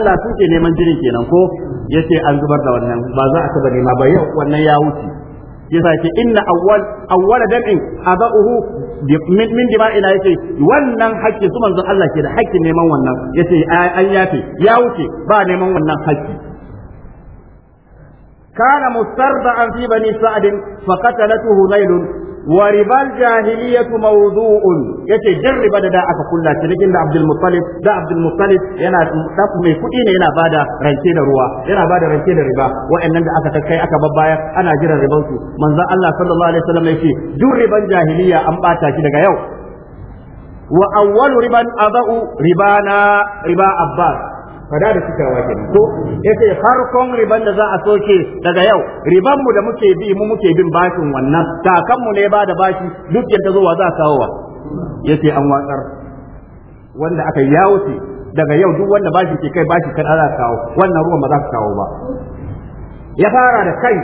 Allah sun ke neman jinin kenan ko ya ce an zubar da wannan ba za a taba nema ba yau wannan ya wuce sa ce inna awwal awwala dam'in abahu min dima'ina ce wannan haƙƙi su manzon Allah ke da haƙƙin neman wannan ce an yafe ya wuce ba neman wannan hakki كان مسترضعا في بني سعد فقتلته نيل وربا الجاهلية موضوع yace jarriba da da aka kulla cinikin da Abdul Muttalib da Abdul Muttalib yana dafu mai kuɗi ne yana bada rance da ruwa yana bada rance da riba wa'annan da aka kai aka babbaya ana jiran riban su manzon Allah sallallahu alaihi wasallam yace riban jahiliya an bata shi daga yau wa awwalu riban adau ribana riba Abbas fada da cikawa kenan ko yace farkon riban da za a soke daga yau riban mu da muke bi mu muke bin bashin wannan kakan mu ne ba da bashi duk yadda zuwa za a kawo wa yace an watsar wanda aka yawuce daga yau duk wanda bashi ke kai bashi kan za kawo wannan ruwan ba za su kawo ba ya fara da kai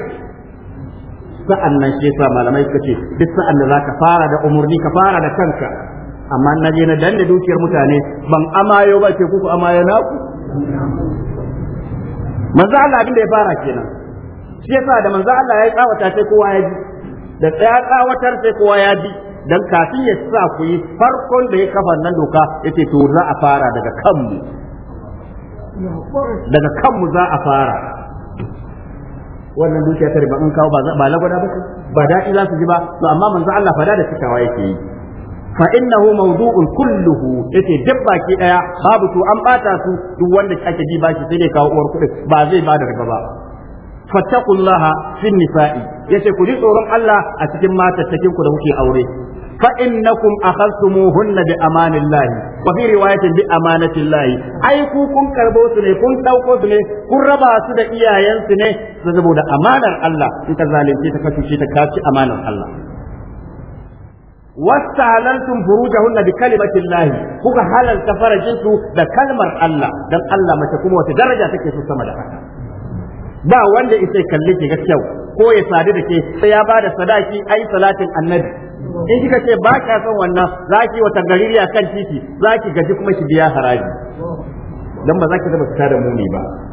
sa'an nan shi yasa malamai suka ce duk sa'an da zaka fara da umurni ka fara da kanka amma na je na danne dukiyar mutane ban amayo ba ke kuku amayo naku manzo Allah abin da ya fara kenan shi yasa da manzo Allah ya tsawata sai kowa ya ji da tsaya tsawatar sai kowa ya bi dan kafin ya sa ku yi farkon da ya kafa nan doka yace to za a fara daga kanmu daga kanmu za a fara wannan dukiya ta riba in kawo ba lagwada ba ba shi za su ji ba to amma manzo Allah fada da cikawa yake yi Fa'innahu innahu mawdu'un kulluhu yace duk baki ɗaya, babu su an bata su duk wanda ake ji bashi sai ne kawo uwar kuɗin ba zai ba da riba ba Fatakullaha fin nisa'i yace ku ji tsoron Allah a cikin matattakin ku da kuke aure fa innakum akhadtumuhunna bi amanillahi wa fi riwayatin bi amanatillahi ai ku kun karbo su ne kun dauko su kun raba su da iyayensu ne saboda amanar Allah in ka zalunce ta kace ta kaci amanar Allah wata halar sumfuru ka hunna dul kalimatillahi kuga halarta farajinsu da kalmar allah dan allah mace kuma wace daraja take fi sama da ba wanda isa ya kalli ki ga kyau ko ya sadu da ke, sai ya bada sadaki ai salatin annabi in kika ce ba baka son wanna zaki yi wata gaririya kan titi zaki gaji kuma ki diya haraji don bazaki taba fita da muni ba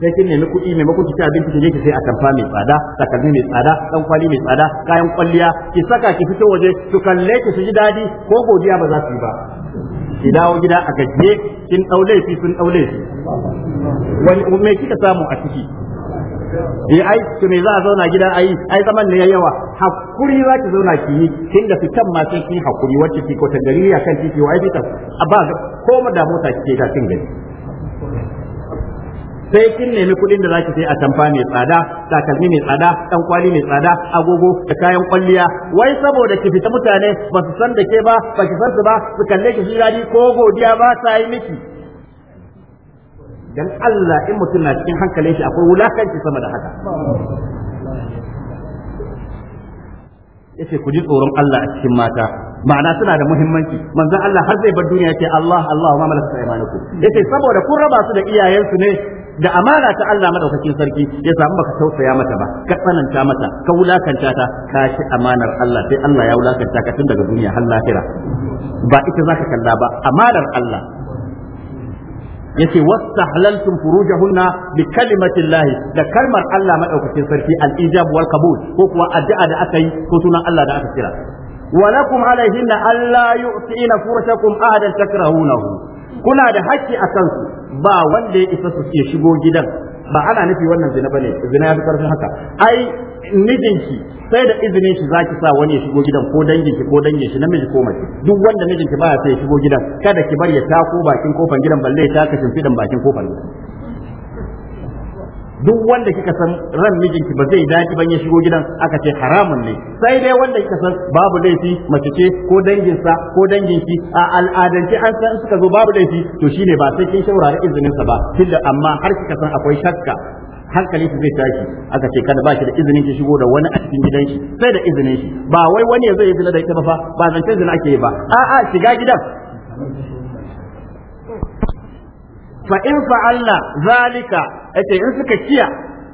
sai kin nemi kuɗi mai makon cikin abinci ki je ki sai atamfa mai tsada takalmi mai tsada dan kwali mai tsada kayan kwalliya ki saka ki fito waje su kalle ki su ji dadi ko godiya ba za su yi ba ki dawo gida a gaje kin dau laifi sun dau laifi wani me kika samu a ciki eh ai to me za a zauna gida ai ai zaman ne yawa hakuri za ki zauna ki yi kin da fitan ma sai kin hakuri wacce ki ko ta gari akan titi wai a ba ko ma da mota kike ta kin gari sai kin nemi kuɗin da zaki sai a tamfa mai tsada takalmi mai tsada dan kwali mai tsada agogo da kayan kwalliya wai saboda ki fita mutane ba su san da ke ba ba ki san su ba su kalle ki shirari ko godiya ba ta yi miki dan Allah in mutum na cikin hankalin shi akwai wulakanci sama da haka yace ku ji tsoron Allah a cikin mata ma'ana suna da muhimmanci manzon Allah har zai bar duniya yace Allah Allah ma malaka Ya yace saboda kun raba su da iyayensu ne da amana ta Allah madaukakin sarki ya samu baka tausaya mata ba ka tsananta mata ka wulakanta ta ka ci amanar Allah sai Allah ya wulakanta ka tun daga duniya har lahira ba ita zaka kalla ba amanar Allah yace wastahlaltum furujahunna bi kalimati llahi da kalmar Allah madaukakin sarki al-ijab wal qabul ko kuwa addu'a da aka yi ko sunan Allah da aka kira ولكم عليهن ألا يؤتين فرشكم أحدا تكرهونه kuna da haƙƙi a kansu ba wanda ya isa su ke shigo gidan ba ana nufi wannan zina bane zina ya fi karfin haka ai mijinki sai da izinin shi zaki sa wani ya shigo gidan ko dangin ki ko dangin shi namiji ko mace duk wanda mijinki baya sai ya shigo gidan kada ki bar ya tako bakin kofar gidan balle ya taka shimfidan bakin kofar gidan duk wanda kika san ran mijinki ba zai dace ban ya shigo gidan aka ce haramun ne sai dai wanda kika san babu laifi mace ce ko danginsa ko dangin danginki a al'adance an san suka zo babu laifi to shine ba sai kin shaurari izinin sa ba tunda amma har kika san akwai shakka hankali su zai tashi aka ce kada ba shi da izinin ki shigo da wani a cikin gidan shi sai da izinin shi ba wai wani ya zai zina da ita ba fa ba zance zina ake yi ba a'a shiga gidan fa in fa'alna zalika ita in suka kiya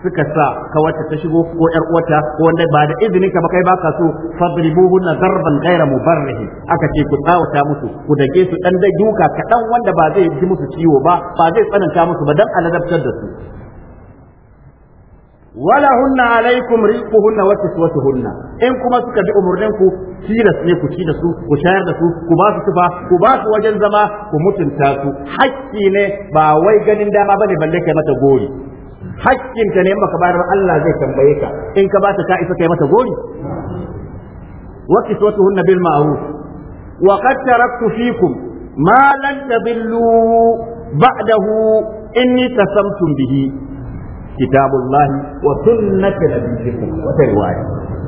suka sa ka wacce ta shigo ko yar uwata ko wanda ba da izinin ka ba kai baka so fadribuhunna darban ghayra mubarrih aka ce ku tsawata musu ku dage su dan dai duka kaɗan wanda ba zai ji musu ciwo ba ba zai tsananta musu ba dan aladabtar da su wala hunna alaikum rizquhunna wa kiswatuhunna in kuma suka bi umurnin ku tilas ne ku ci da su ku shayar da su ku ba su tufa ku ba su wajen zama ku mutunta su hakki ne ba wai ganin dama bane balle kai mata gori hakkin ta ne maka bayar Allah zai tambaye ka in ka ba ta ka isa kai mata gori wa kiswatuhunna bil ma'ruf wa qad taraktu fikum ma lan tadillu ba'dahu inni tasamtum bihi kitabullahi wa sunnati nabiyikum wata riwaya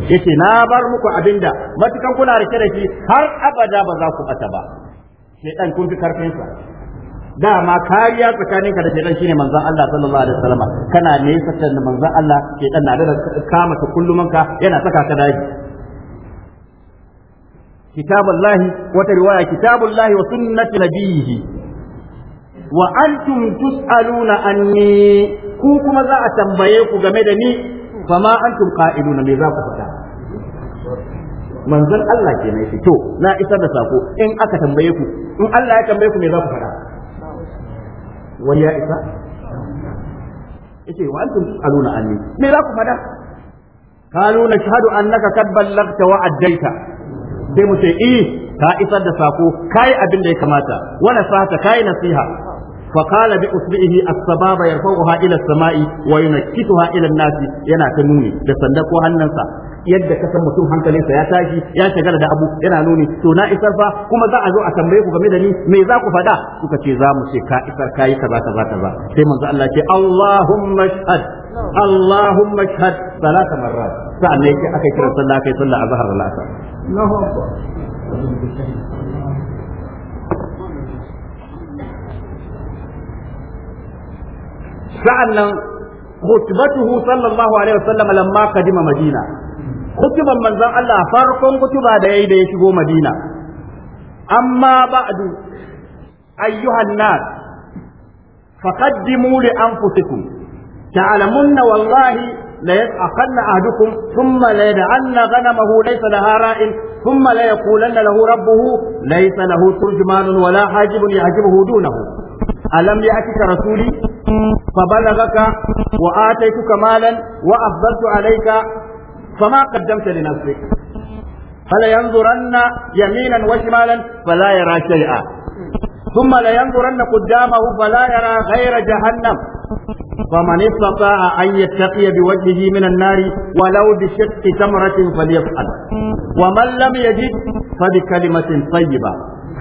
yace na bar muku abinda matukan kuna rike da shi har abada ba za ku bata ba shedan kun fi karfin sa dama kariya tsakaninka da shedan shine manzon Allah sallallahu alaihi wasallam kana nesa da manzon Allah shedan na da kama ka yana saka ka daji wa wata riwaya kitabullahi wa sunnati nabiyihi wa antum tus'aluna anni ku kuma za a tambaye ku game da ni fa ma antum qa'iluna me za ku faɗa manzon Allah ke nan to na isar da sako in aka tambaye ku in Allah ya tambaye ku me za ku faɗa wani ya isa yace wa antum tusaluna anni me za ku faɗa kalu nashhadu annaka kad ballaghta wa addaita sai mu ce eh ka isar da sako kai abin da ya kamata wa nasata kai nasiha فقال بأصبعه السباب يرفعها إلى السماء وينكتها إلى الناس ينا تنوني تصدق هننسا yadda ka san mutum hankalinsa ya tashi ya shagala da abu yana nuni to na isar fa kuma za a zo a tambayi ku game da ni me za ku faɗa Kuka ce za mu ce ka isar kayi kaza kaza kaza sai manzo Allah ce Allahumma Allahumma aka kira sallah kai sallah sa’an nan hutubatuhu sallallahu alaihi wasallam lamma kadima madina hutuban manzon Allah farkon kutuba da yayi da ya shigo madina amma ba'du ayyuhan nas faqaddimu li anfusikum ta'lamunna wallahi la yaqanna ahdukum thumma la yad'anna ghanamahu laysa laha ra'in thumma la yaqulanna lahu rabbuhu laysa lahu turjumanun wala hajibun yahjibuhu dunahu alam ya'tika rasuli فبلغك وآتيتك مالا وأفضلت عليك فما قدمت لنفسك فلينظرن يمينا وشمالا فلا يرى شيئا ثم لينظرن قدامه فلا يرى غير جهنم فمن استطاع أن يتقي بوجهه من النار ولو بشق تمرة فليفعل ومن لم يجد فبكلمة طيبة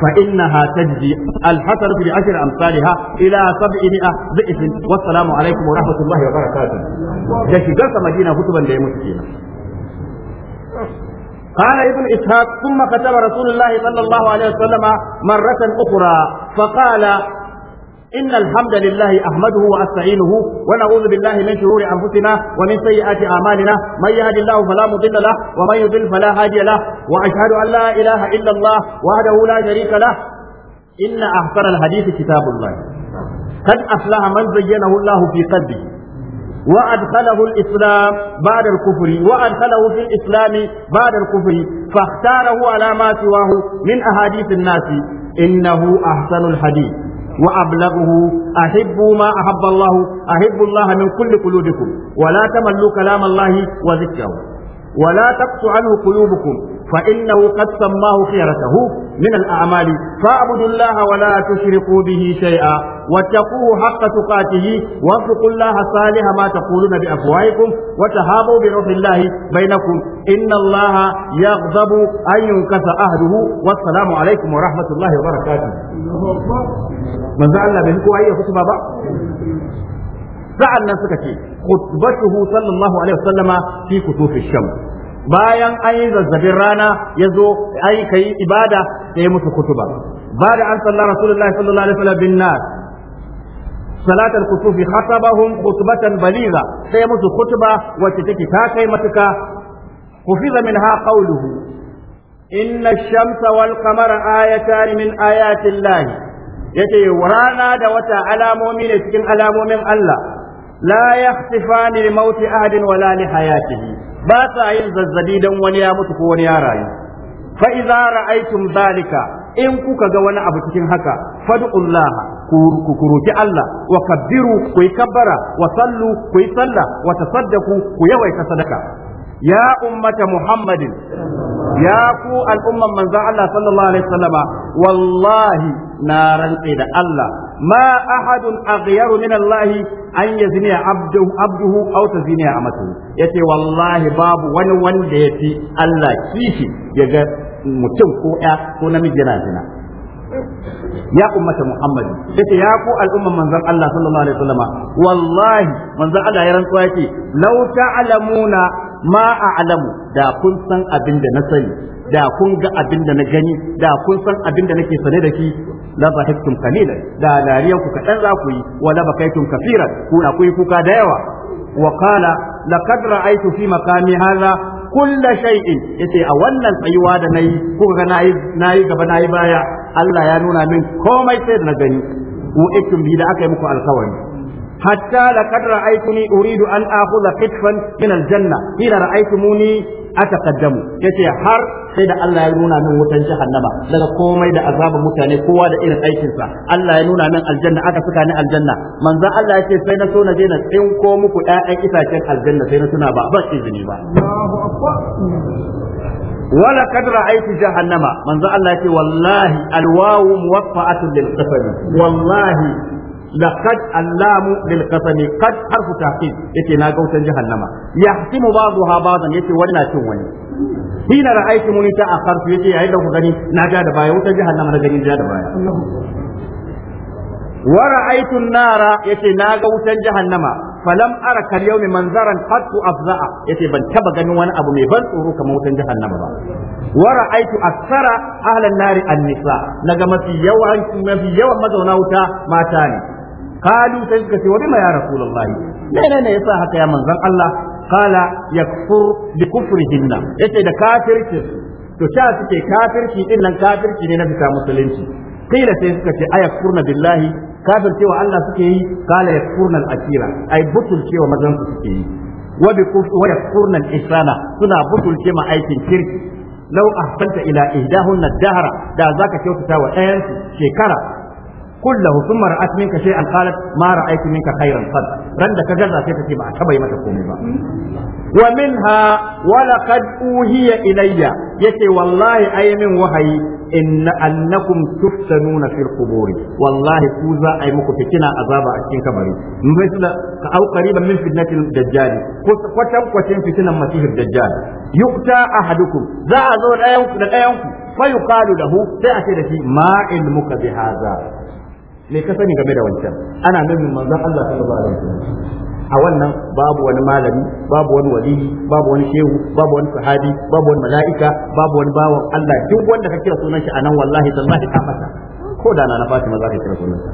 فإنها تجزي الحسنة بعشر أمثالها إلى سبعمائة ضعف والسلام عليكم ورحمة الله وبركاته ده شجرة مدينة كتبا لمسكينة قال ابن إسحاق ثم كتب رسول الله صلى الله عليه وسلم مرة أخرى فقال إن الحمد لله أحمده وأستعينه ونعوذ بالله من شرور أنفسنا ومن سيئات أعمالنا من يهد الله فلا مضل له ومن يضل فلا هادي له وأشهد أن لا إله إلا الله وحده لا شريك له إن أحسن الحديث كتاب الله قد أفلح من زينه الله في قلبه وأدخله الإسلام بعد الكفر وأدخله في الإسلام بعد الكفر فاختاره على ما سواه من أحاديث الناس إنه أحسن الحديث وأبلغه أحبوا ما أحب الله أحب الله من كل قلوبكم ولا تملوا كلام الله وذكره ولا تقص عنه قلوبكم فإنه قد سماه خيرته من الأعمال فاعبدوا الله ولا تشركوا به شيئا واتقوه حق تقاته واتقوا الله صالح ما تقولون بأفواهكم وتهابوا بروح الله بينكم إن الله يغضب أن ينكث أهله والسلام عليكم ورحمة الله وبركاته من زعل بهكو أي خطبة sa’an nan suka ce, Kutubashuhu sallallahu Alaihi wasallam fi kutufi sham. Bayan an yi zazzabin rana ya zo aika yi ibada da ya mutu kutuba. Ba da an sallar Rasulullah sallallahu Alaihi wasallam bin nas. Salat al-kutufi khatabahum kutubatan baliga sai musu kutuba wacce take ta kai matuka. Kufiza min ha qawluhu Inna shamsa wal kamara ayatan min ayatin Yake rana da wata alamomi ne cikin alamomin Allah. la yakhsifani li mauti ahadin wala li hayatihi ba sa yin zazzabi dan wani ya mutu ko wani ya rayu fa idza ra'aytum dhalika in kuka ga wani abu cikin haka fad'ullaha ku kuruki Allah wa kabbiru kuyi kabara wa sallu kuyi sallah wa tasaddaku ku yawaita sadaka ya ummata muhammadin ya ku al'umman manzon Allah sallallahu alaihi wallahi na rantse da Allah ma ahadun aghyaru min Allah an yazni abduhu abduhu aw tazini amatu yace wallahi babu wani wanda yafi Allah kishi ga mutum ko ya ko namiji yana zina ya ummata Muhammad yace ya ku al'umman manzon Allah sallallahu alaihi wasallam wallahi manzon Allah ya rantsuwa yace law ta'lamuna ma a'lamu da kun san abin da na sani da kun ga abin da na gani da kun san abin da nake sane da shi la bahiktum qalilan da dariyan ku kadan za wa la bakaitum kafiran kuna ku yi kuka da yawa Wakala, qala laqad ra'aytu fi maqami hadha kulla shay'in yace a wannan tsayuwa da nayi kuka ga nayi nayi gaba nayi baya Allah ya nuna min komai sai da na gani wu'ittum bi da aka yi muku alkawari hatta laqad ra'aytuni uridu an akhudha qitfan min aljanna ila ra'aytumuni ataqaddamu yace har sai da Allah ya nuna min wutan jahannama daga komai da azabin mutane kowa da irin aikin sa Allah ya nuna min aljanna aka saka ni aljanna manzo Allah yace sai na so na je na tsinko muku ɗayan itacen aljanna sai na tuna ba ba izini ba Allahu akbar wala kad ra'aytu jahannama manzo Allah yace wallahi alwawu muwaffa'atun lil wallahi لقد اللام للقسم قد حرف تحقيق يتي نا غوتن جهنم يحسم بعضها بعضا يتي ولا تن وني حين رايتموني تاخرت يتي yayin da ku gani na ja da baya wutar jahannama na gani da baya wa ra'aytu an-nara yace na ga wutar jahannama falam ara kal yawmi manzaran qattu afza'a yace ban taba ganin wani abu ne ban tsoro kamar wutar jahannama ba wa aksara ahlan nari an naga mafi mafi yawan mazauna wuta mata ne kalu sai suka ce wa bima ya rasulullahi ne ne yasa haka ya manzan Allah kala yakfur bi kufrihinna yace da kafirci to sha suke kafirci din nan kafirci ne na fita musulunci kila sai suka ce ayakfurna billahi kafir cewa Allah suke yi kala yakfurna al-akira ai butul cewa mazan su suke yi wa bi wa yakfurna al suna butul cewa aikin kirki لو أحسنت إلى إهداهن da zaka kyautata wa وأنت shekara. kullahu thumma ra'at minka shay'an qalat ma ra'aytu minka khayran qad ran ka gaza sai kace ba a taba yi mata komi ba wa minha wa laqad uhiya ilayya yace wallahi ayyamin wahayi inna annakum tuftanuna fil qubur wallahi ku za a yi muku fitina azaba a cikin kabari misla ka au qariban min fitnatil dajjal kwatan kwatan fitinan masihir dajjal yukta ahadukum za a zo dayan ku da dayan ku fa yuqalu lahu sai a ce da shi ma ilmuka bi hadha me ka sani game da wancan ana nufin manzon Allah sallallahu alaihi wasallam a wannan babu wani malami babu wani wali babu wani shehu babu wani sahabi babu wani mala'ika babu wani bawan Allah duk wanda ka kira sunan shi anan wallahi tallahi ka mata ko da na Fatima za ka kira sunan sa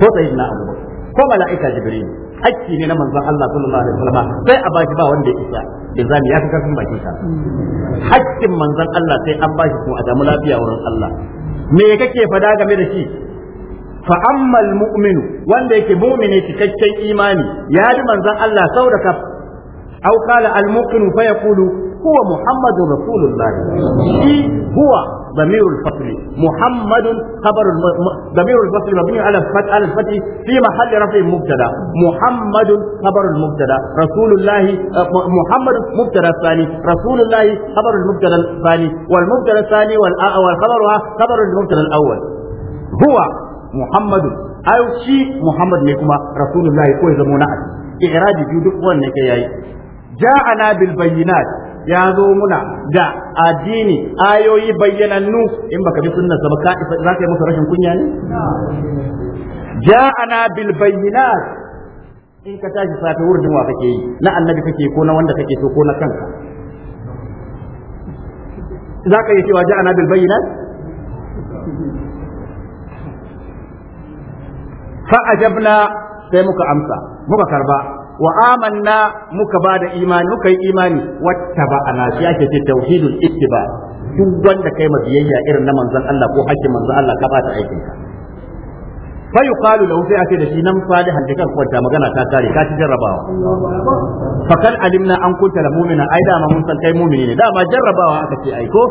ko sayyidina Abu ko mala'ika Jibril hakki ne na manzon Allah sallallahu alaihi wasallam sai a bashi ba wanda ya isa da zani ya kaka sun baki sa hakkin manzon Allah sai an bashi kuma a damu lafiya wurin Allah me kake fada game da shi fa ammal mu'minu wanda yake mu'mini cikakken imani ya ji manzon Allah sau da kaf au qala al mu'minu fa yaqulu huwa muhammadur rasulullah shi huwa damirul fatl muhammadun khabar damirul fatl mabni ala fat al fatl fi mahall rafi mubtada muhammadun khabar al mubtada rasulullah eh, muhammad mubtada thani rasulullah khabar al mubtada wal mubtada thani wal a wal khabaru khabar al Muhammadu ai Muhammad ne kuma Rasulullahi ko ya zama na a iraji biyu duk wanne ke yayi ja'ana bil bayyinat ya zo muna da addini ayoyi bayyanannu in baka bi sunnar ba ka za ka yi rashin kunya ne ja'ana bil bayyinat in ka tashi safe wurin wa yi na annabi kake ko na wanda kake ko na kanka za ka cewa fa jabna sai muka amsa muka karba wa amanna muka ba da imani muka yi imani wattaba'ana shi ake ce tauhidul ittiba duk wanda kai ma biyayya irin na manzon Allah ko hakkin manzon Allah ka bata ta aikinka fa yuqalu lahu sai ake da shi nan salihan da kwanta magana ta kare ka ci jarrabawa fa kan alimna an kunta la mu'mina ai dama mun san kai mu'mini ne dama jarrabawa aka ce ai ko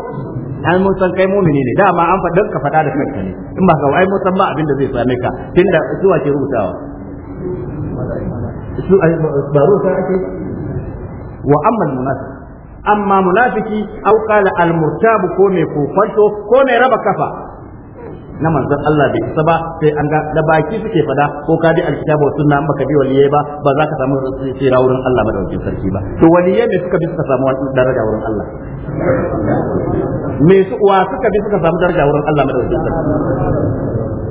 an mun san kai mu'mini ne dama an fa ka faɗa da kanka ne in ba ka ai mun san ba abin da zai same ka tunda zuwa ke rubutawa su ba ta ake wa amma munafiq amma munafiki au qala al murtabu ko mai kokonto ko mai raba kafa na manzon Allah bai isa ba sai an ga da baki suke fada ko ka bi alkitabu sunna in baka bi waliyai ba ba za ka samu tsira wurin Allah madaukakin sarki ba to waliyai ne suka bi suka samu daraja wurin Allah me su wa suka bi suka samu daraja wurin Allah madaukakin sarki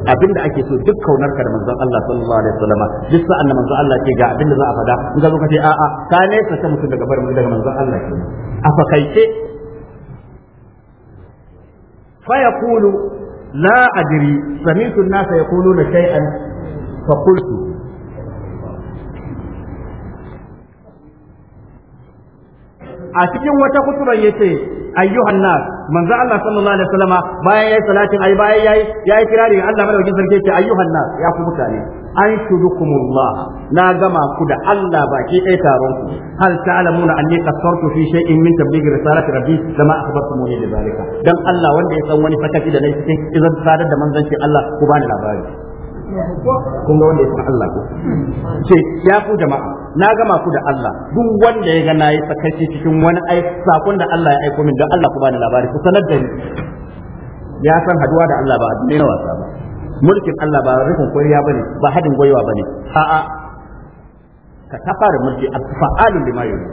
abinda ake so duk kaunar ka da manzon Allah sallallahu alaihi wasallam duk sa'an da manzon Allah ke ga abinda za a fada in ka zo ka ce a a ka ne ka ta mutum daga barin daga manzon Allah ke a fakaice fa yaqulu لا أدري سمعت الناس يقولون شيئا فقلت a cikin wata kuturan yace ayyuhan nas manzo Allah sallallahu alaihi wasallama bayan yayi salatin ai bayan ya yayi yayi kirari Allah madaukakin sarki yace ayyuhan nas ya fi mutane anshudukumullaha na gama ku da Allah baki ɗaya taron ku hal ta'lamuna anni qasartu fi shay'in min tablighi risalati rabbi kama akhbartum da zalika dan Allah wanda ya san wani sakaci da nayi cikin idan sadar da manzancin Allah ku bani labari kun ga wanda ya san Allah ko ce ya ku jama'a na gama ku da Allah duk wanda ya ga nayi sakaci cikin wani ai sakon da Allah ya aiko min dan Allah ku bani labari ku sanar da ni ya san haduwa da Allah ba a duniya wasa ba mulkin Allah ba rufin kwariya bane ba hadin gwiwa bane a'a ka kafara mulki fa'alun lima yuri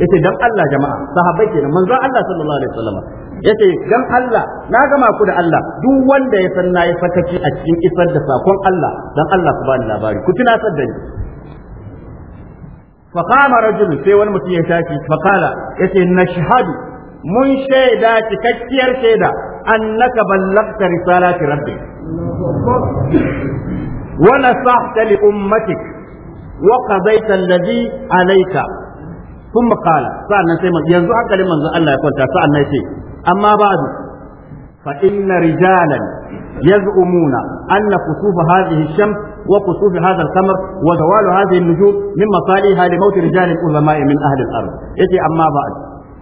yace dan Allah jama'a sahabbai kenan manzon Allah sallallahu alaihi wasallam yace dan Allah na gama ku da Allah duk wanda ya san nayi fakaci a cikin isar da sakon Allah dan Allah ku bani labari ku tunatar da ni fa qama rajul sai wani mutum ya tashi fa qala yace nashhadu mun shaida cikakkiyar shaida annaka ballagta risalati rabbika ونصحت لأمتك وقضيت الذي عليك ثم قال سألنا سيما ينزع كلمة من الله يقول سألنا شيء أما بعد فإن رجالا يزعمون أن كسوف هذه الشمس وكسوف هذا القمر وزوال هذه النجوم من مصالحها لموت رجال العلماء من أهل الأرض يتي أما بعد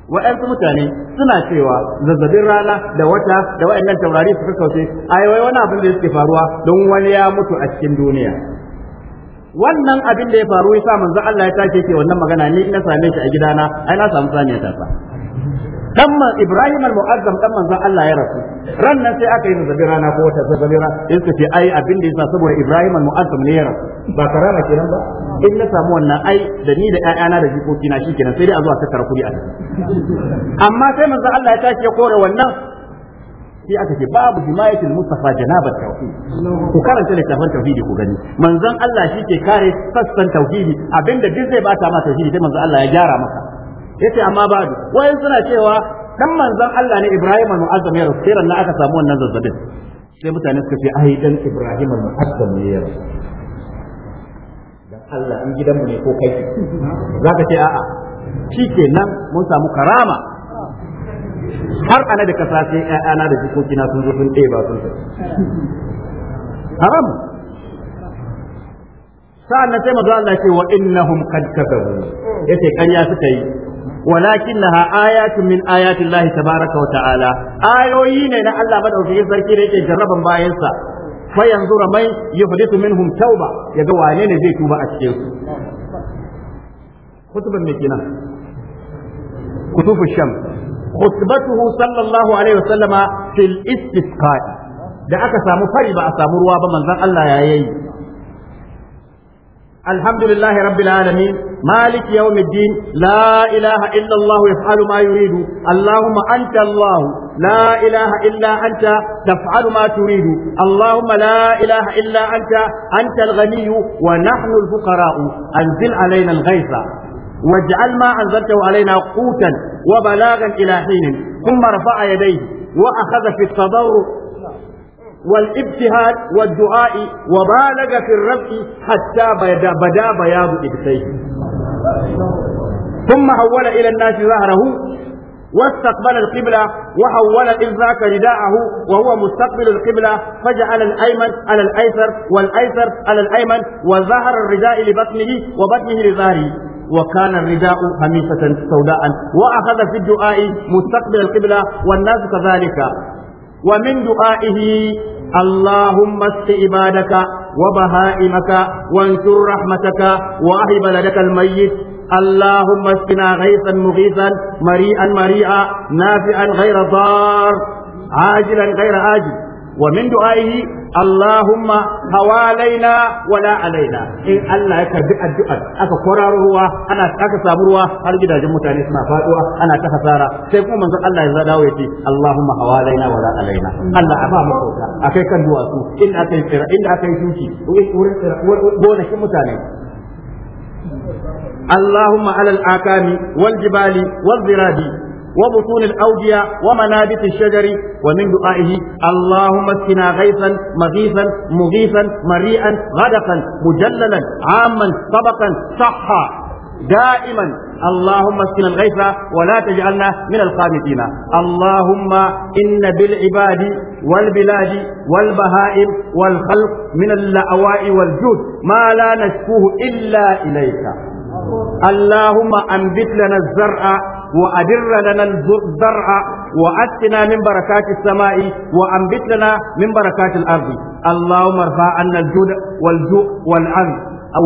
wa'yansu mutane suna cewa zazzabin rana da wata da wayannan taurari suka kauce ai wai wani abin da yake faruwa don wani ya mutu a cikin duniya wannan abin da ya faru ya sa manzo Allah ya tashi ke wannan magana ni ina same shi a gidana ai na samu saniya ta sa dan Ibrahim al-Mu'azzam dan Allah ya rasu ran nan sai aka yi zabi rana ko wata zabi rana sai ai abin da yasa saboda Ibrahim al-Mu'azzam ne yaran. Ba ba karama kenan ba in na samu wannan ai da ni da ƴaƴana da jikoki na shikenan sai dai a zuwa tattara kudi a amma sai manzo Allah ya tashi ya kore wannan sai aka ce babu himayatul mustafa janabat tauhid ku karanta littafin tauhidi ku gani manzon Allah shi ke kare sassan tauhidi abinda duk zai bata ma tauhidi sai manzon Allah ya gyara maka yace amma ba wayan suna cewa dan manzon Allah ne Ibrahim al-Mu'azzam ya rufe sai ran aka samu wannan zazzabin sai mutane suka ce ai dan Ibrahim al-Mu'azzam ne ya dan Allah in gidanmu ne ko kai zaka ce a'a shikenan mun samu karama har ana da kasa sai ana da jikokina sun zo sun ba sun sai haram sa'an nan sai mazo Allah ce wa innahum qad kadabu yace ƙarya suka yi walakinnaha laha min ayati Allah tabaraka wa ta'ala ayoyi ne na Allah madaukakin sarki da yake jarraban bayansa fa yanzura man yuhdithu minhum tauba yaga wane ne zai tuba a cikin su khutban ne kenan sallallahu alaihi wasallama fil istisqa da aka samu fari ba a samu ruwa ba manzon Allah ya yayi الحمد لله رب العالمين مالك يوم الدين لا إله إلا الله يفعل ما يريد اللهم أنت الله لا إله إلا أنت تفعل ما تريد اللهم لا إله إلا أنت أنت الغني ونحن الفقراء أنزل علينا الغيث واجعل ما أنزلته علينا قوتا وبلاغا إلى حين ثم رفع يديه وأخذ في التضرع والابتهاد والدعاء وبالغ في الرفع حتى بدا, بدا بياض إبتيه ثم حول إلى الناس ظهره واستقبل القبلة وحول إذ ذاك رداءه وهو مستقبل القبلة فجعل الأيمن على الأيسر والأيسر على الأيمن وظهر الرداء لبطنه وبطنه لظهره وكان الرداء خميسة سوداء وأخذ في الدعاء مستقبل القبلة والناس كذلك ومن دعائه اللهم اسق عبادك وبهائمك وانشر رحمتك واهب بلدك الميت اللهم اسقنا غيثا مغيثا مريئا مريئا نافعا غير ضار عاجلا غير عاجل ومن دعائه Allahumma hawalaina wala alaina in Allah ya karbi addu'ar aka kwararo ruwa aka samu ruwa har gidajen mutane suna faduwa ana ta sai kuma manzon dawo ya ce Allahumma hawalaina wala alaina Allah a ba mu kauta akai kan duwatsu in akai tsira in akai shuki wurin tsira gonakin mutane اللهم على الآكام والجبال والذراب وبطون الأودية ومنابت الشجر ومن دعائه اللهم اسقنا غيثا مغيثا مغيثا مريئا غدقا مجللا عاما طبقا صحا دائما اللهم اسقنا الغيث ولا تجعلنا من القانتين اللهم ان بالعباد والبلاد والبهائم والخلق من اللأواء والجود ما لا نشكوه الا اليك اللهم أنبت لنا الزرع وأدر لنا الزرع وأتنا من بركات السماء وأنبت لنا من بركات الأرض اللهم ارفع عنا الجود والجوع والعن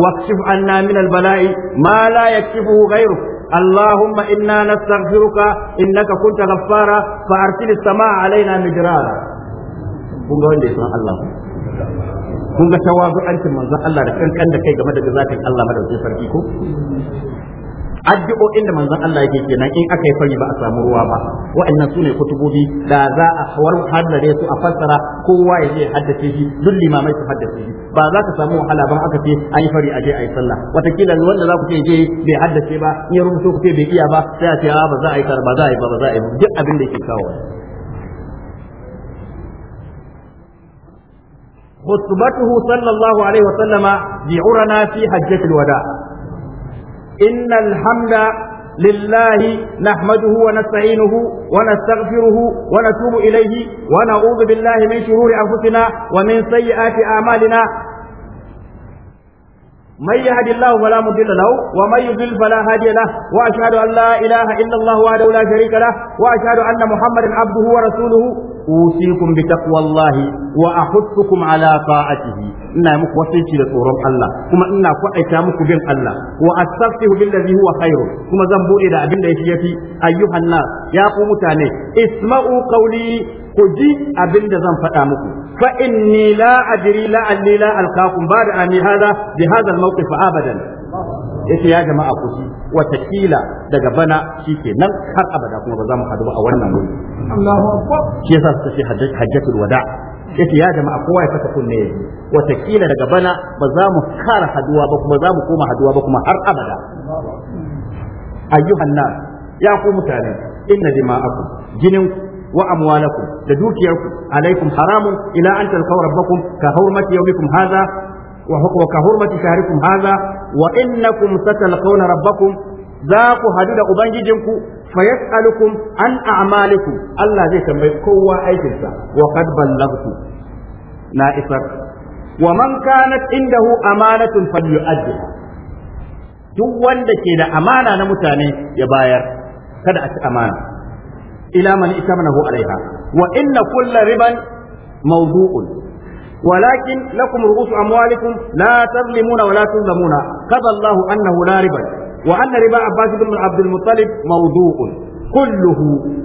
واكشف عنا من البلاء ما لا يكشفه غيرك اللهم إنا نستغفرك إنك كنت غفارا فأرسل السماء علينا مجرارا kun ga wanda ya san Allah kun ga tawazu'ancin manzon Allah da kankan da kai game da zatin Allah madaukakin sarki ko addu'o'in da manzon Allah yake kenan in aka yi fari ba a samu ruwa ba wa'annan sune kutubobi da za a hawar haddare su a fassara kowa ya je haddace shi duk limamai su haddace shi ba za ka samu wahala ba aka ce ayi fari a je ayi sallah watakila wanda za ku ce je bai haddace ba in ya rubuto ku ce bai iya ba sai a ce ah, a ba za a yi ba za a yi ba za a yi duk abin da yake kawo خطبته صلى الله عليه وسلم بعرنا في حجة الوداع إن الحمد لله نحمده ونستعينه ونستغفره ونتوب إليه ونعوذ بالله من شرور أنفسنا ومن سيئات أعمالنا من يهد الله فلا مضل له ومن يضلل فلا هادي له واشهد ان لا اله الا الله وحده لا شريك له واشهد ان محمدا عبده ورسوله اوصيكم بتقوى الله واحثكم على طاعته ان مك وصيتي لتورم الله كما ان كويتا مك بين الله واستفتح بالذي هو خير كما زنبو الى ابين da yake yafi ayyuhan nas ya ku mutane isma'u qawli ku ji abin da zan faɗa muku fa inni la ajri la alli la alqakum ba'da an hada bi hada almawqif abadan yace ya jama'a ku ji watakila daga bana nan har abada kuma ba za mu hadu ba a wannan wuri Allahu akbar shi yasa suka ce hajjatul wada yace ya jama'a kowa ya fata kunne ya ji watakila daga bana ba za mu kara haduwa ba kuma za mu koma haduwa ba kuma har abada ayyuhan nas ya ku mutane inna dima'akum jininku wa amwalakum da dukiyarku alaikum haramun ila an talqaw rabbakum ka hurmati yawmikum hadha ka hurmati shahrikum hadha wa innakum satalqawna za ku hadu da ubangijinku fa yas'alukum an a'malikum Allah zai tambayi kowa aikinsa wa qad ballaghtu na isar wa man kanat indahu amanatun falyu'addiha duk wanda ke da amana na mutane ya bayar kada a ci amana ila man itamnahu alaiha wa inna kullu riban mawdu'un ولكن لكم رؤوس أموالكم لا تظلمون ولا تظلمون قضى الله أنه لا ربا وأن ربا عباس بن عبد المطلب موضوع كله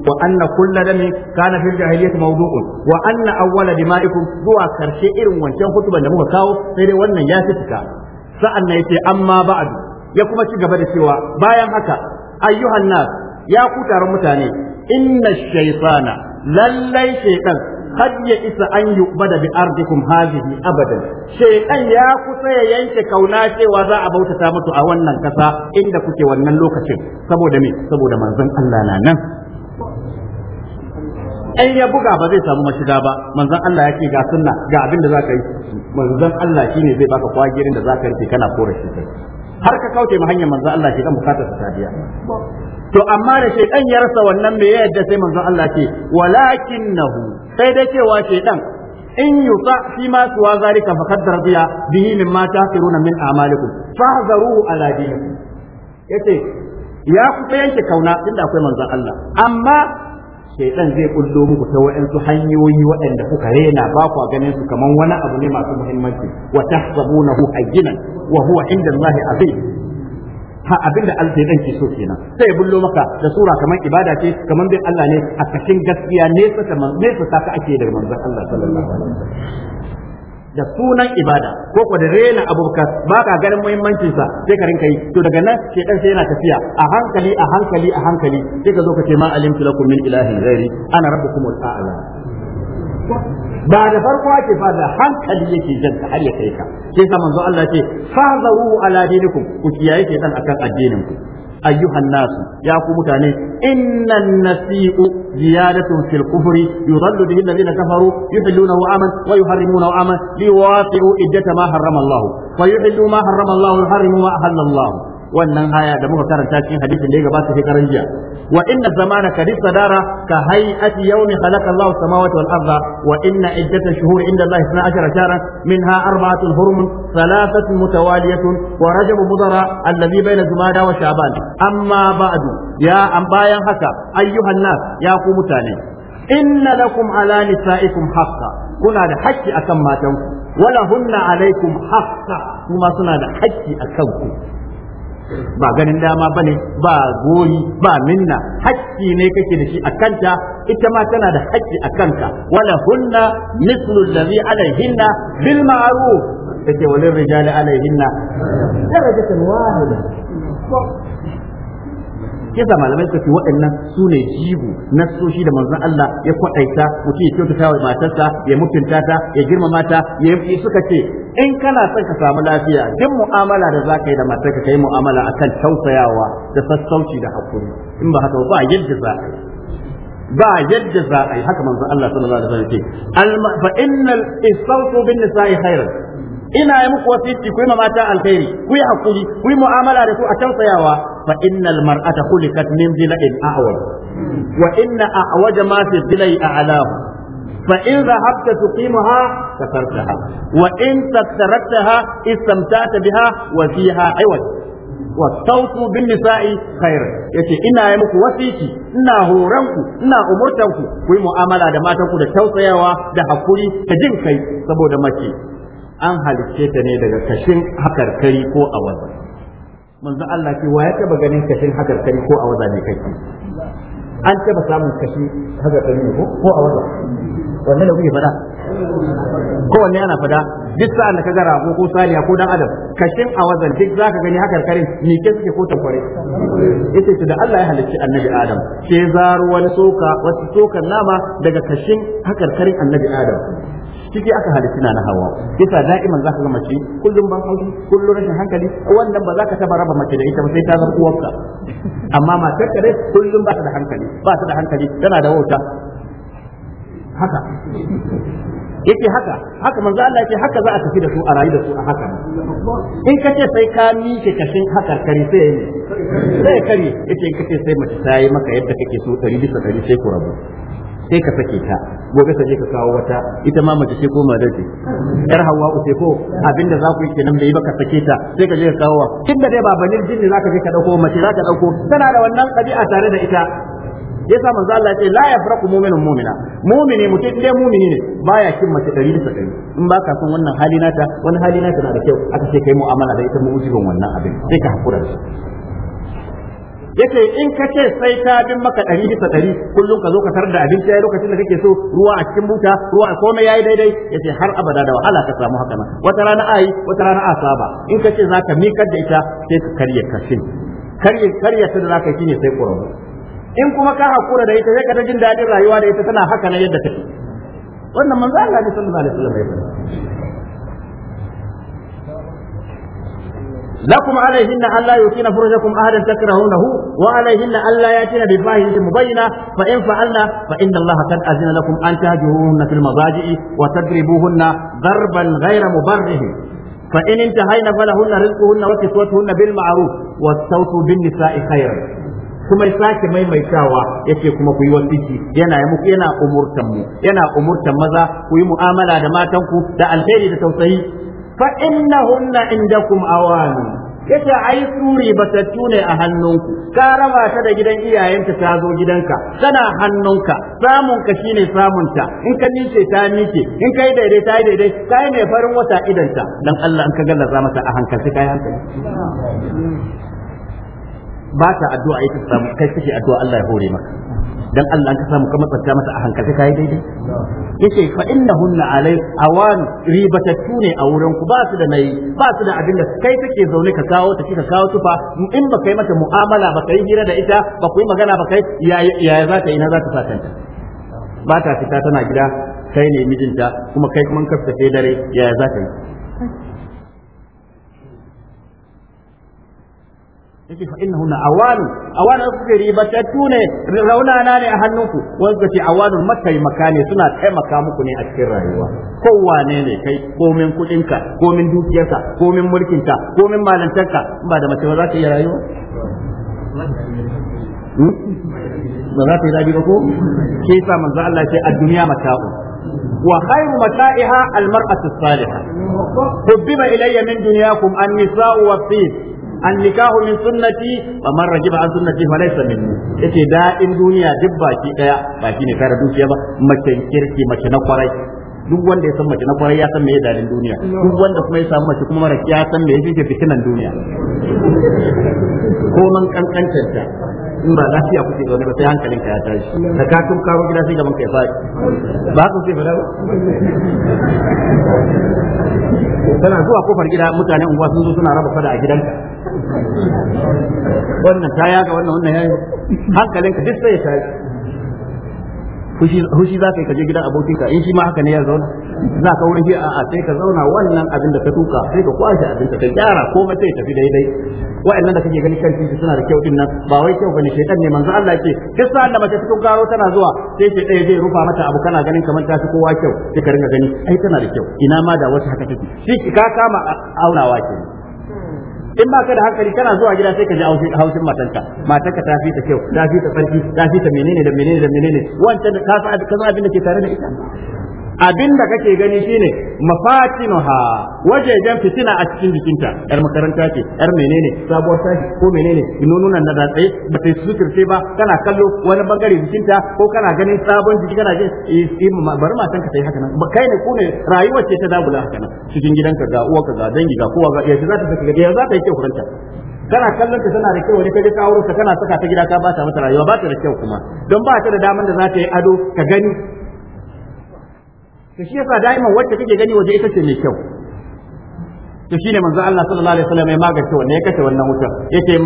وأن كل دم كان في الجاهلية موضوع وأن أول دمائكم هو كرشئر وانشان خطبا نموه كاو سيري وانا ياسفكا سألنا يتي أما بعد يكما شكبر سوا بايا حكا أيها الناس يا كتار متاني inna shaytana lallai shaytan kad ya isa an yu'bada bi ardikum hadhihi abadan shaytan ya kusa ya yanke kauna cewa za a bautata mutu a wannan kasa inda kuke wannan lokacin saboda me saboda manzon Allah na nan in ya buga ba zai samu mashiga ba manzon Allah yake ga sunna ga abin da zaka yi manzon Allah shine zai baka kwagirin da zaka yi kana kore shi har ka kauce ma hanyar manzon Allah shi kan bukatar sadiya to amma da shaidan ya rasa wannan me yadda sai manzon Allah walakin walakinahu sai dai cewa shaitan in yusa fi ma suwa zalika faqad radiya bihi mimma tahqiruna min a'malikum fahzaruhu ala dinikum yace ya ku yanke kauna inda akwai manzon Allah amma shaidan zai kullo muku ta waɗansu hanyoyi waɗanda kuka rena ba ku ganin su kamar wani abu ne masu muhimmanci wa tahsabunahu hayyinan wa huwa inda Allah azim ha abinda alshaitan ke so kenan sai ya bullo maka da sura kamar ibada ce kamar bin Allah ne a kashin gaskiya ne saka man saka ake da manzon Allah sallallahu da sunan ibada ko ko da rena abubakar ba ka ganin muhimmancin sa sai ka rinka yi to daga nan shedan sai yana tafiya a hankali a hankali a hankali sai ka zo ka ce ma alimtu lakum min ilahin ghairi ana rabbukumul a'la ba da farko ake da hankali yake jan har ya kai ka sai sa manzo Allah ce fazawu ala dinikum ku kiyaye ke dan akan addinin ku ayyuhan nasu ya ku mutane innan nasi'u ziyadatun fil kufri yudallu bihi alladhina kafaru yuhillunahu aman wa yuharrimunahu aman liwasi'u iddata ma harrama Allah wa yuhillu ma harrama Allah wa yuharrimu ma ahalla Allah wannan haya da muka karanta cikin hadisin da ya gabata karan jiya wa inna zamana kad sadara ka hay'ati yawmi khalaqa Allahu samawati wal arda wa inna iddata shuhur inda Allah 12 shahran minha arba'atun hurum thalathatun mutawaliyatun wa rajab mudara alladhi bayna jumada wa sha'ban amma ba'du ya an bayan haka ayyuhan nas ya ku mutane inna lakum ala nisaikum haqqan kuna da haƙƙi akan matanku wala hunna alaikum haqqan kuma suna da haƙƙi akan ku ba ganin dama bane ba goyi ba minna hakki ne kake da shi a kanta ita ma tana da hakki a kanka wala hunna mislu allazi alaihinna bil ma'ruf take walin rijali alaihinna darajatan wahida yasa malamai suka ce waɗannan su ne jihu na soshi da manzon Allah ya kwadaita mutum ya kyautata wa matarsa ya mutunta ta ya girmama ta ya yi suka ce in kana son ka samu lafiya duk mu'amala da zaka yi da ka yi mu'amala akan tausayawa da sassauci da hakuri in ba haka ba yadda za a yi ba yadda za a yi haka manzon Allah sallallahu alaihi wasallam ce fa innal istawtu bin nisa'i khairan ina yi muku wasiti ku yi mata alkhairi ku yi hakuri ku yi mu'amala da su a tausayawa fa innal mar'ata khuliqat min dhila'in a'waj wa inna a'waja ma fi dhila'i a'lahu fa in dhahabta tuqimaha kafartaha wa in taktarattaha istamta'ta biha wa fiha 'iwaj wa sautu bin nisa'i khair yace ina yi muku wasiki ina horonku ina umurtanku ku yi mu'amala da matanku da tausayawa da hakuri da jin kai saboda mace an halicce ta ne daga kashin hakarkari ko a manzo Allah ce wa ya taba ganin kashin hakar kai ko a ne kake an taba samun kashi hakar kai ne ko a wazabe wannan da kuke faɗa ko wanne yana faɗa duk sa'an da ka gara rago ko saniya ko dan adam kashin a wazan duk zaka gani hakar karin ni ke suke ko tankware yace ce da Allah ya halicci annabi Adam sai zaro wani soka wasu sokan nama daga kashin hakar karin annabi Adam ciki aka halitta na hawa yasa da'iman zaka ga mace kullum ban haushi kullum rashin hankali wannan ba za ka taba raba mace da ita ba sai ta zama uwarka amma matar ka dai kullum ba ta da hankali ba ta da hankali tana da wauta haka yake haka haka manzo Allah yake haka za a tafi da su a rayu da su a haka in ka ce sai ka miƙe kashin haka kare sai yayi sai kare yake in ka ce sai mace ta yi maka yadda kake so 100 100 sai ku rabu sai ka sake ta gobe ka je ka kawo wata ita ma mace ce ko madar ce yar hawa'u sai ko abinda za ku yi kenan yi baka sake ta sai ka je ka kawo Kin da dai babanin jinni zaka je ka dauko mace zaka dauko tana da wannan ƙabi'a tare da ita yasa manzo Allah ya ce la yafraqu mu'minun mu'mina mu'mini mutum dai mu'mini ne baya kin mace ɗari bisa ɗari in baka son wannan hali nata wani hali nata na da kyau aka ce kai mu'amala da ita mu wannan abin sai ka hakura da shi yace in ka ce sai ta bin maka ɗari bisa ɗari kullum ka zo ka tarar da abinci yayi lokacin da kake so ruwa a cikin buta ruwa a komai yayi daidai yace har abada da wahala ka samu haka na, wata rana ayi wata rana a saba in ka ce za ka mikar da ita sai ka karya kashin karya karya ta da ka yi ne sai kurabu in kuma ka hakura da ita sai ka ta jin daɗin rayuwa da ita tana haka na yadda yi wannan manzo Allah ne sallallahu alaihi wasallam ya لكم عليهن ألا يؤتين فرجكم أحدا تكرهونه وعليهن ألا يأتين بفاحشة مبينة فإن فعلن فإن الله قد أذن لكم أن تهجروهن في المضاجع وتضربوهن ضربا غير مبرح فإن انتهينا فلهن رزقهن وكسوتهن بالمعروف والصوت بالنساء خيرا kuma sake maimaitawa yake kuma ku yi wasiki yana yi muku yana umurtan mu yana umurtan maza ku yi mu'amala da matanku da alheri da tausayi fa innahunna indakum awani yace ai suri batattu ne a hannunku ka raba ta da gidan iyayenta ta zo gidanka tana hannunka samun ka shine samunta in ka nice ta nice in kai daidai ta daidai kai mai farin wata idanta dan Allah in ka gallaza mata a hankali kai hankali ba ta addu'a ita samu kai kake addu'a Allah ya hore maka dan Allah ka samu ka matsanta mata a hankali kai daidai yace fa innahunna alai awan ribatattu ne a wurin ku ba su da nayi ba su da abin da kai take zaune ka kawo ta kika kawo tufa in ba kai mata mu'amala ba kai hira da ita ba ku yi magana ba kai yaya za ta ina za ta sa ba ta fita tana gida kai ne mijinta kuma kai kuma ka dare yaya za ta yi yace fa innahunna awanu awanu suke ribatattu ne raunana ne a hannunku wanda suke awanu mataimaka ne suna taimaka muku ne a cikin rayuwa kowane ne kai komin kudinka komin dukiyarka komin mulkinka komin malantarka ba da mace ba za ta iya rayuwa hmm? ba za ta yi daɗi ba ko Ke sa manzo Allah ya ce ad-dunya mata'u وخير متاعها المرأة الصالحة حبب إلي من دنياكم النساء والطيب an nikahu min sunnati wa man rajiba an sunnati fa laysa minni yace in duniya duk baki daya ba shine kare dukiya ba mace kirki mace na kwarai duk wanda ya san mace na kwarai ya san meye dadin duniya duk wanda kuma ya samu mace kuma mara ya san meye yake fitinan duniya ko man kankantanta in ba lafiya kuke zaune ba sai hankalin ka ya tashi da ka tun karo gida sai gaban ka ya faɗi ba ku sai fada ba tana zuwa kofar gida mutane unguwa sun zo suna raba fada a gidanka wannan ta yaga wannan wannan yayi hankalin ka duk sai ya tashi Hushi za ka yi kaje gidan abokinka in shi ma haka ne ya zauna za ka wurin shi a sai ka zauna wannan abin da ka tuka sai ka kwashe abin ka gyara ko ma sai tafi daidai wa'annan da kake gani kan titi suna da kyau din nan ba wai kyau bane shedan ne manzo Allah yake duk sa'an da mace cikin garo tana zuwa sai ce ɗaya zai rufa mata abu kana ganin kamar ta fi kowa kyau sai ka ringa gani ai tana da kyau ina ma da wata haka take shi ka kama aunawa kenan in ba ka da hankali kana zuwa gida sai ka ji haushin matanka matanka ta fi ta kyau ta fi ta sarki ta fi ta menene da menene da menene wancan ka san abin da ke tare da ita abin da kake gani shine mafatinuha wajejen fitina a cikin jikinta yar makaranta ce yar menene sabuwar tashi ko menene nonunan na da tsaye ba sai sukirce ba kana kallo wani bangare jikinta ko kana ganin sabon jiki kana jin eh, eh, bari matan ka sai haka nan ba kai ne ku ne rayuwar ce ta dagula haka nan cikin gidanka ga uwarka ga dangi ga kowa ga yaushe za ta saka ya za ta yi kyau kuranta kana kallon ta tana da kyau ne kaje ka aure ta kana saka ta gida ka ba ta mata rayuwa ba ta da kyau kuma don ba ta da daman da za ta yi ado ka gani to shi yasa daima wacce kake gani waje ita ce mai kyau to shine manzo Allah sallallahu alaihi wasallam ya magance wannan ya kace wannan wutar Yake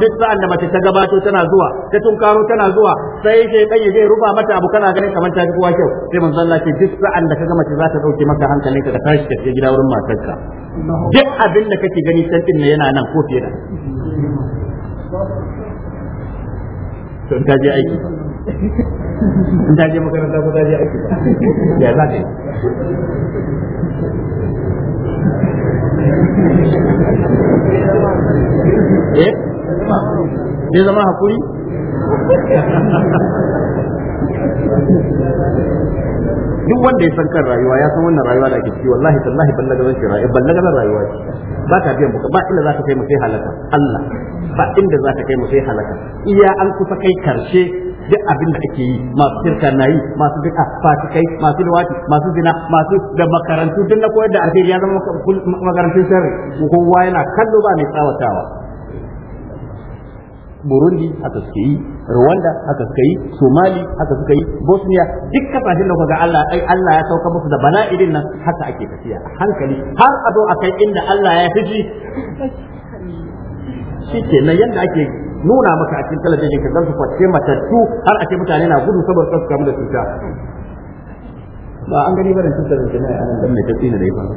duk sa'an da mace ta gabato tana zuwa ta tunkaro tana zuwa sai sai dan ya je ruba mata abu kana ganin kamar ta fi kowa kyau sai manzo Allah ce duk sa'an da kaga mace za ta dauke maka hankalin ka ka tashi ka je gida wurin matarka duk abin da kake gani san din yana nan ko fiye da to ta je aiki in je makaranta ko ta je aiki ya za ta eh zai zama hakuri duk wanda ya san kan rayuwa ya san wannan rayuwa da ake ciki wallahi tallahi ballaga zan shira in ballaga zan rayuwa ce ba ka biyan buka ba inda za ka kai mu sai halaka Allah ba inda za ka kai mu sai halaka iya an kusa kai karshe duk abin da ake yi masu shirka na yi masu bid'a fasikai masu liwati masu zina masu da makarantu duk na koyar da alheri ya zama makarantun sharri kowa yana kallo ba mai tsawatawa Burundi haka suke yi Rwanda haka suka yi Somali haka suka yi Bosnia duk kasashen da kaga Allah ai Allah ya sauka musu da balairin nan haka ake tafiya a hankali har a zo akai inda Allah ya fi shi kenan yadda ake nuna maka a cikin talabijin ka gansu kwace matattu har a ce mutane na gudu saboda su kamu da cuta ba an gani barin cutar da a nan dan mai tafi da ya faru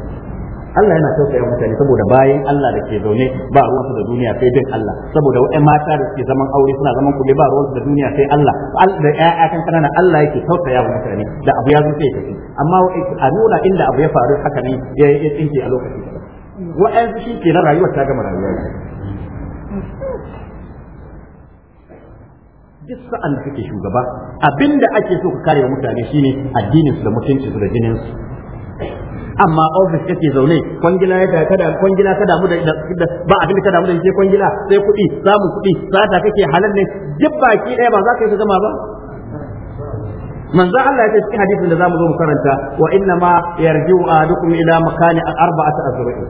Allah yana tausaya mutane saboda bayan Allah da ke zaune ba ruwansu da duniya sai bin Allah saboda wa'yan mata da suke zaman aure suna zaman kuɗe ba ruwansu da duniya sai Allah da ƴaƴa kan kanana Allah yake tausaya wa mutane da abu ya zo sai tafi amma a nuna inda abu ya faru haka ne ya yi tsinke a lokaci wa'yan shi ke na rayuwar ta gama rayuwa duk sa'an da kake shugaba abinda ake so ka kare mutane shine addinin su da mutunci su da jinin su amma ofis kake zaune kwangila ya kada kwangila kada mu da ba abin da kada mu da ke kwangila sai kuɗi samun kuɗi sata kake halal ne duk baki ɗaya ba za ka yi gama ba manzo Allah ya ce cikin hadisin da zamu zo mu karanta wa inna ma yarji'u ahadukum ila makani arba'ati azra'i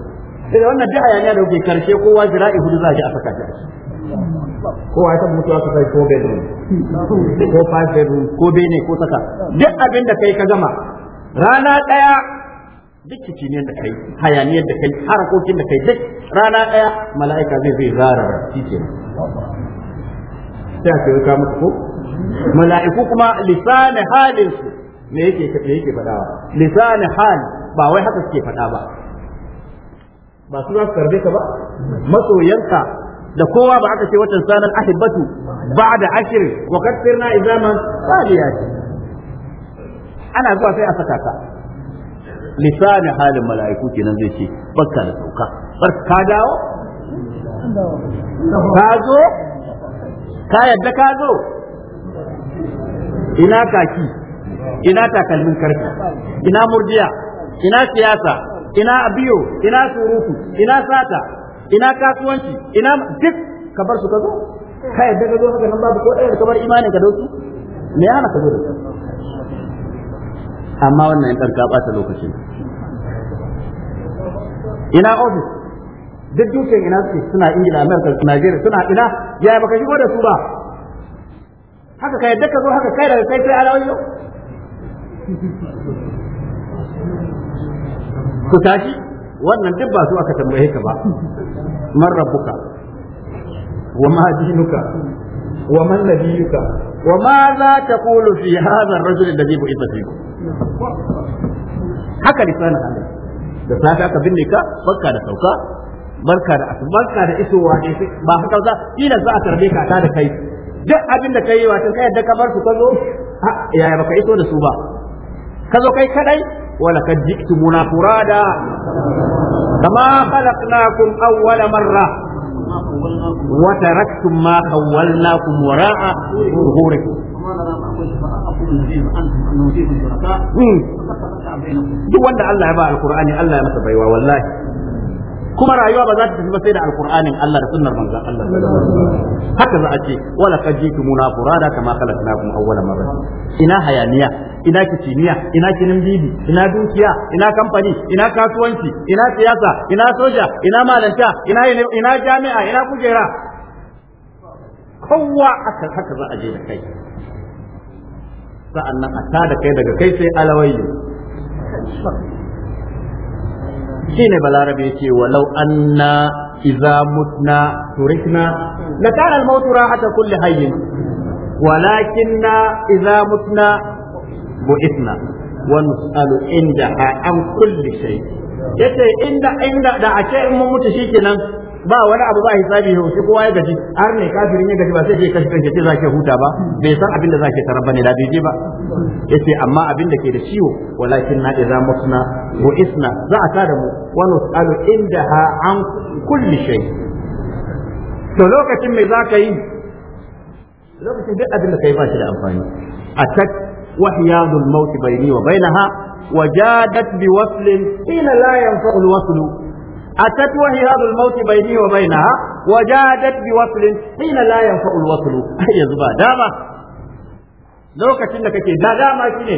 sai wannan duk ayani da kuke karshe kowa jira'i hudu za a ji a saka shi kowa ya mutuwa su kai ko bedroom ko five bedroom ko bene ko saka duk abin da kai ka gama rana daya duk ne da kai hayaniyar da kai harakokin da kai duk rana daya mala'ika zai zai zara shi ke sai ka ko mala'iku kuma lisanin halinsu me yake me yake faɗawa lisanin hal ba wai haka suke faɗa ba ba su za su karbe ka ba masoyanka da kowa ba aka ce watan sanar ahibatu ba da ashir wa qad sirna izaman ce ana zuwa sai a saka ka lisan halin mala'iku kenan zai ce barka da sauka bar ka dawo ka zo ka yadda ka zo ina kaki ina takalmin karfi ina murjiya ina siyasa ina abiyo ina surutu ina sata ina kasuwanci ina duk ka bar su ka zo ka yadda ka zo haka nan babu ko ɗaya ka bar imanin ka da su me yana ka zo da su amma wannan ɗan ka ta lokacin ina ofis duk dukkan ina suke suna ingila amerika najeriya suna ina yaya baka shigo da su ba haka ka yadda ka zo haka kai daga kai sai alawai yau ku tashi wannan duk ba su aka tambaye ka ba man rabbuka wa ma dinuka wa man nabiyuka wa ma za ta kulu fi hadha ar-rajul alladhi bu'itha fikum haka lisan Allah da safe aka binne ka barka da sauka barka da da ba haka za kila za a tarbe da kai duk abin da kai wato kai yadda ka bar su kazo, zo yaya baka iso da su ba Kazo kai kadai ولقد جئتمونا فرادا كما خلقناكم أول مرة وتركتم ما خولناكم وراء ظهوركم duk wanda Allah ya ba alkur'ani Allah ya masa baiwa wallahi kuma rayuwa ba za ta tafi ba sai da alkur'anin Allah da sunnar manzon Allah haka za a ce wala kajitu munafurada furada kama khalaqnakum awwala marra ina hayaniya ina kiciniya ina kinin bibi ina dukiya ina kamfani ina kasuwanci ina siyasa ina soja ina malanta ina ina jami'a ina kujera kowa aka haka za a je da kai sa'annan a tada kai daga kai sai alawayyo shine balarabe yake walau anna idza mutna turikna la kana al-maut rahata kulli hayyin walakinna idza mutna bu'ithna wa nus'alu indaha an kulli shay yace inda inda da a ce in mun mutu shikenan ba wani abu ba hisabi yau sai kowa ya gaji har ne kafirin ya gaji ba sai ce kashi kanke ce zake huta ba bai san abin da zake tarar bane da bai ba yace amma abin da ke da ciwo walakin na idza mutna wa isna za a tada mu wa nus'alu indaha an kulli shay to lokacin me zaka yi lokacin duk abin da kai ba shi da amfani atak wahyadul maut baini wa bainaha وجادت بوصل حين لا ينفع الوصل أتت وهي هذا الموت بيني وبينها وجادت بوصل حين لا ينفع الوصل يا زبا داما lokacin da kake da dama shi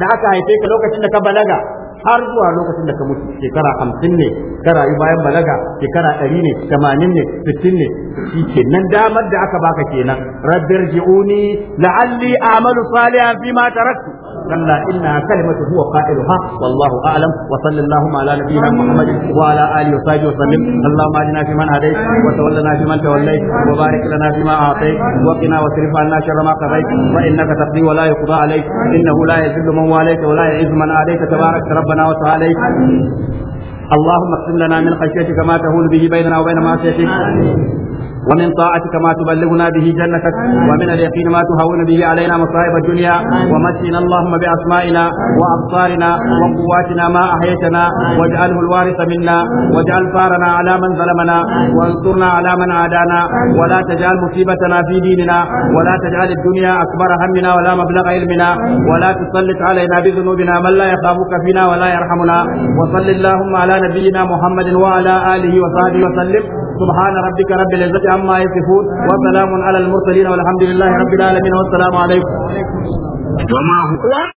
da aka haife ka lokacin da ka balaga har zuwa lokacin da ka mutu shekara hamsin ne ka rayu bayan balaga shekara ɗari ne tamanin ne sittin ne shi kenan damar da aka baka kenan rabbir ji'uni la'alli ma taraktu كلا إنها كلمة هو قائلها والله أعلم وصلى اللهم على نبينا محمد وعلى آله وصحبه وسلم اللهم أجنا فيمن هديت وتولنا فيمن توليت وبارك لنا فيما أعطيت وقنا واصرف عنا شر ما قضيت فإنك تقضي ولا يقضى عليك إنه لا يذل من واليت ولا يعز من عليك تبارك ربنا وتعالى اللهم اقسم لنا من خشيتك ما تهون به بيننا وبين معصيتك ومن طاعتك ما تبلغنا به جنتك ومن اليقين ما تهون به علينا مصائب الدنيا ومتنا اللهم بأسمائنا وأبصارنا وقواتنا ما أحيتنا واجعله الوارث منا واجعل ثارنا على من ظلمنا وانصرنا على من عادانا ولا تجعل مصيبتنا في ديننا ولا تجعل الدنيا أكبر همنا ولا مبلغ علمنا ولا تسلط علينا بذنوبنا من لا يخافك فينا ولا يرحمنا وصل اللهم على نبينا محمد وعلى آله وصحبه وسلم سبحان ربك رب العزة عما يصفون وسلام على المرسلين والحمد لله رب العالمين والسلام عليكم وما هو